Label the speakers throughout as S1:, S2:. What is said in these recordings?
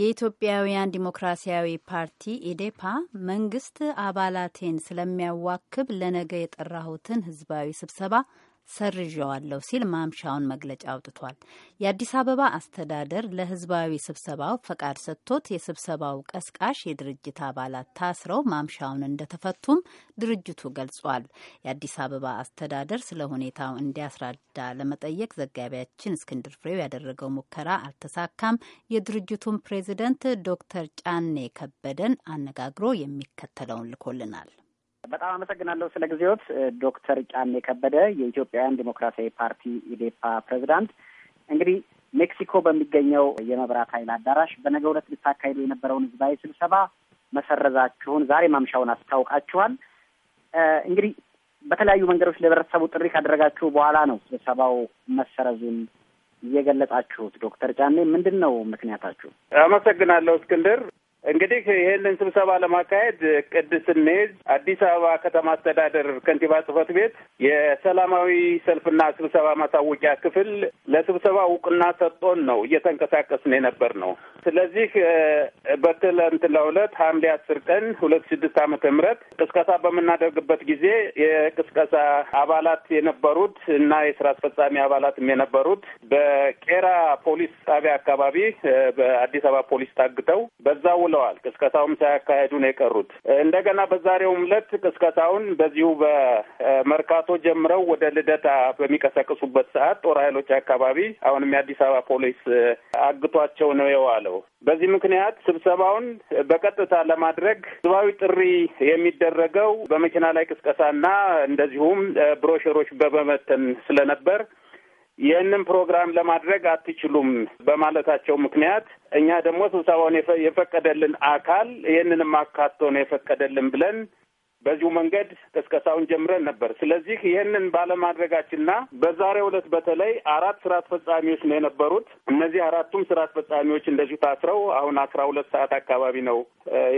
S1: የኢትዮጵያውያን ዲሞክራሲያዊ ፓርቲ ኢዴፓ መንግስት አባላቴን ስለሚያዋክብ ለነገ የጠራሁትን ህዝባዊ ስብሰባ ሰርዣዋለሁ ሲል ማምሻውን መግለጫ አውጥቷል። የአዲስ አበባ አስተዳደር ለህዝባዊ ስብሰባው ፈቃድ ሰጥቶት የስብሰባው ቀስቃሽ የድርጅት አባላት ታስረው ማምሻውን እንደተፈቱም ድርጅቱ ገልጿል። የአዲስ አበባ አስተዳደር ስለ ሁኔታው እንዲያስረዳ ለመጠየቅ ዘጋቢያችን እስክንድር ፍሬው ያደረገው ሙከራ አልተሳካም። የድርጅቱን ፕሬዚደንት ዶክተር ጫኔ ከበደን አነጋግሮ የሚከተለውን ልኮልናል።
S2: በጣም አመሰግናለሁ ስለ ጊዜዎት ዶክተር ጫኔ ከበደ የኢትዮጵያውያን ዴሞክራሲያዊ ፓርቲ ኢዴፓ ፕሬዚዳንት። እንግዲህ ሜክሲኮ በሚገኘው የመብራት ኃይል አዳራሽ በነገ ዕለት ልታካሂዱ የነበረውን ህዝባዊ ስብሰባ መሰረዛችሁን ዛሬ ማምሻውን አስታውቃችኋል። እንግዲህ በተለያዩ መንገዶች ለህብረተሰቡ ጥሪ ካደረጋችሁ በኋላ ነው ስብሰባው መሰረዙን እየገለጻችሁት። ዶክተር ጫኔ ምንድን ነው ምክንያታችሁ?
S3: አመሰግናለሁ እስክንድር። እንግዲህ ይህንን ስብሰባ ለማካሄድ ቅድ ስንሄድ አዲስ አበባ ከተማ አስተዳደር ከንቲባ ጽህፈት ቤት የሰላማዊ ሰልፍና ስብሰባ ማሳወቂያ ክፍል ለስብሰባ እውቅና ሰጥቶን ነው እየተንቀሳቀስን የነበር ነው። ስለዚህ በትለንት ለሁለት ሐምሌ አስር ቀን ሁለት ስድስት ዓመተ ምህረት ቅስቀሳ በምናደርግበት ጊዜ የቅስቀሳ አባላት የነበሩት እና የስራ አስፈጻሚ አባላትም የነበሩት በቄራ ፖሊስ ጣቢያ አካባቢ በአዲስ አበባ ፖሊስ ታግተው በዛ ውለዋል። ቅስቀሳውም ሳያካሄዱ ነው የቀሩት። እንደገና በዛሬውም ዕለት ቅስቀሳውን በዚሁ በመርካቶ ጀምረው ወደ ልደታ በሚቀሰቅሱበት ሰዓት ጦር ኃይሎች አካባቢ አሁንም የአዲስ አበባ ፖሊስ አግቷቸው ነው የዋለው። ያለው። በዚህ ምክንያት ስብሰባውን በቀጥታ ለማድረግ ህዝባዊ ጥሪ የሚደረገው በመኪና ላይ ቅስቀሳና እንደዚሁም ብሮሸሮች በመበተን ስለነበር ይህንን ፕሮግራም ለማድረግ አትችሉም በማለታቸው ምክንያት እኛ ደግሞ ስብሰባውን የፈቀደልን አካል ይህንንም አካቶ ነው የፈቀደልን ብለን በዚሁ መንገድ ቅስቀሳውን ጀምረን ነበር። ስለዚህ ይህንን ባለማድረጋችንና በዛሬው ዕለት በተለይ አራት ስራ አስፈጻሚዎች ነው የነበሩት። እነዚህ አራቱም ስራ አስፈጻሚዎች እንደዚሁ ታስረው አሁን አስራ ሁለት ሰዓት አካባቢ ነው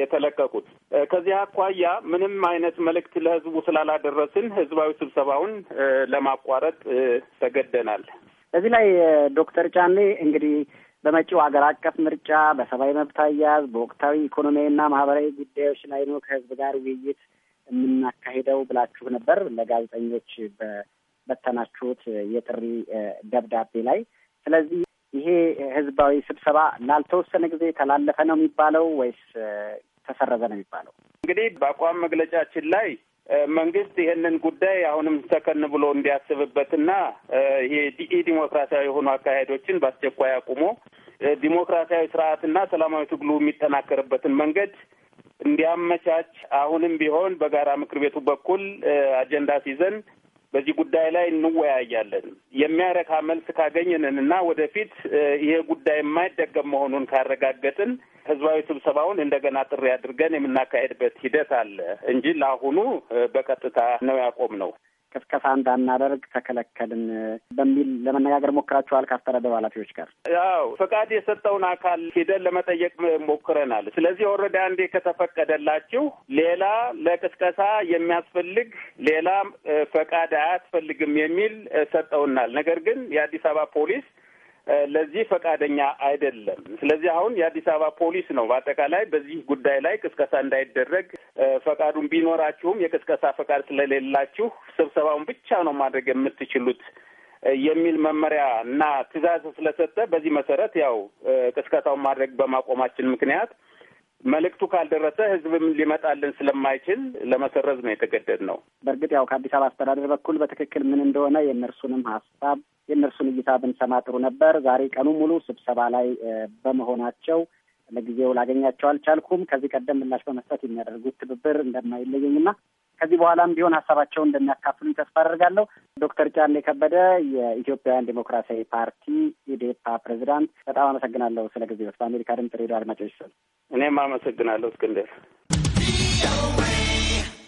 S3: የተለቀቁት። ከዚህ አኳያ ምንም አይነት መልእክት ለህዝቡ ስላላደረስን ህዝባዊ ስብሰባውን ለማቋረጥ ተገደናል።
S2: እዚህ ላይ ዶክተር ጫኔ እንግዲህ በመጪው ሀገር አቀፍ ምርጫ በሰብአዊ መብት አያያዝ በወቅታዊ ኢኮኖሚያዊና ማህበራዊ ጉዳዮች ላይ ነው ከህዝብ ጋር ውይይት የምናካሄደው ብላችሁ ነበር ለጋዜጠኞች በበተናችሁት የጥሪ ደብዳቤ ላይ። ስለዚህ ይሄ ህዝባዊ ስብሰባ ላልተወሰነ ጊዜ ተላለፈ ነው የሚባለው ወይስ
S3: ተሰረዘ ነው የሚባለው? እንግዲህ በአቋም መግለጫችን ላይ መንግስት ይህንን ጉዳይ አሁንም ሰከን ብሎ እንዲያስብበትና ይሄ ዲሞክራሲያዊ የሆኑ አካሄዶችን በአስቸኳይ አቁሞ ዲሞክራሲያዊ ስርዓትና ሰላማዊ ትግሉ የሚጠናከርበትን መንገድ እንዲያመቻች አሁንም ቢሆን በጋራ ምክር ቤቱ በኩል አጀንዳ ሲዘን በዚህ ጉዳይ ላይ እንወያያለን። የሚያረካ መልስ ካገኘንን እና ወደፊት ይሄ ጉዳይ የማይደገም መሆኑን ካረጋገጥን ህዝባዊ ስብሰባውን እንደገና ጥሪ አድርገን የምናካሄድበት ሂደት አለ እንጂ ለአሁኑ በቀጥታ ነው ያቆም ነው።
S2: ቅስቀሳ እንዳናደርግ ተከለከልን በሚል ለመነጋገር ሞክራችኋል? ከአስተዳደሩ ኃላፊዎች ጋር
S3: ያው ፈቃድ የሰጠውን አካል ሂደን ለመጠየቅ ሞክረናል። ስለዚህ ወረዳ አንዴ ከተፈቀደላችሁ ሌላ ለቅስቀሳ የሚያስፈልግ ሌላ ፈቃድ አያስፈልግም የሚል ሰጠውናል። ነገር ግን የአዲስ አበባ ፖሊስ ለዚህ ፈቃደኛ አይደለም። ስለዚህ አሁን የአዲስ አበባ ፖሊስ ነው በአጠቃላይ በዚህ ጉዳይ ላይ ቅስቀሳ እንዳይደረግ ፈቃዱን ቢኖራችሁም የቅስቀሳ ፈቃድ ስለሌላችሁ ስብሰባውን ብቻ ነው ማድረግ የምትችሉት የሚል መመሪያ እና ትዕዛዝ ስለሰጠ በዚህ መሰረት ያው ቅስቀሳውን ማድረግ በማቆማችን ምክንያት መልእክቱ ካልደረሰ ህዝብም ሊመጣልን ስለማይችል ለመሰረዝ ነው የተገደድ ነው።
S2: በእርግጥ ያው ከአዲስ አበባ አስተዳደር በኩል በትክክል ምን እንደሆነ የእነርሱንም ሀሳብ የእነርሱን እይታ ብንሰማ ጥሩ ነበር። ዛሬ ቀኑ ሙሉ ስብሰባ ላይ በመሆናቸው ለጊዜው ላገኛቸው አልቻልኩም። ከዚህ ቀደም ምላሽ በመስጠት የሚያደርጉት ትብብር እንደማይለየኝና ከዚህ በኋላም ቢሆን ሀሳባቸውን እንደሚያካፍሉ ተስፋ አደርጋለሁ። ዶክተር ጫኔ ከበደ የኢትዮጵያውያን ዴሞክራሲያዊ ፓርቲ ኢዴፓ ፕሬዚዳንት፣ በጣም አመሰግናለሁ ስለ ጊዜዎት። በአሜሪካ ድምጽ ሬዲዮ አድማጮች ስል
S3: እኔም አመሰግናለሁ እስክንድር።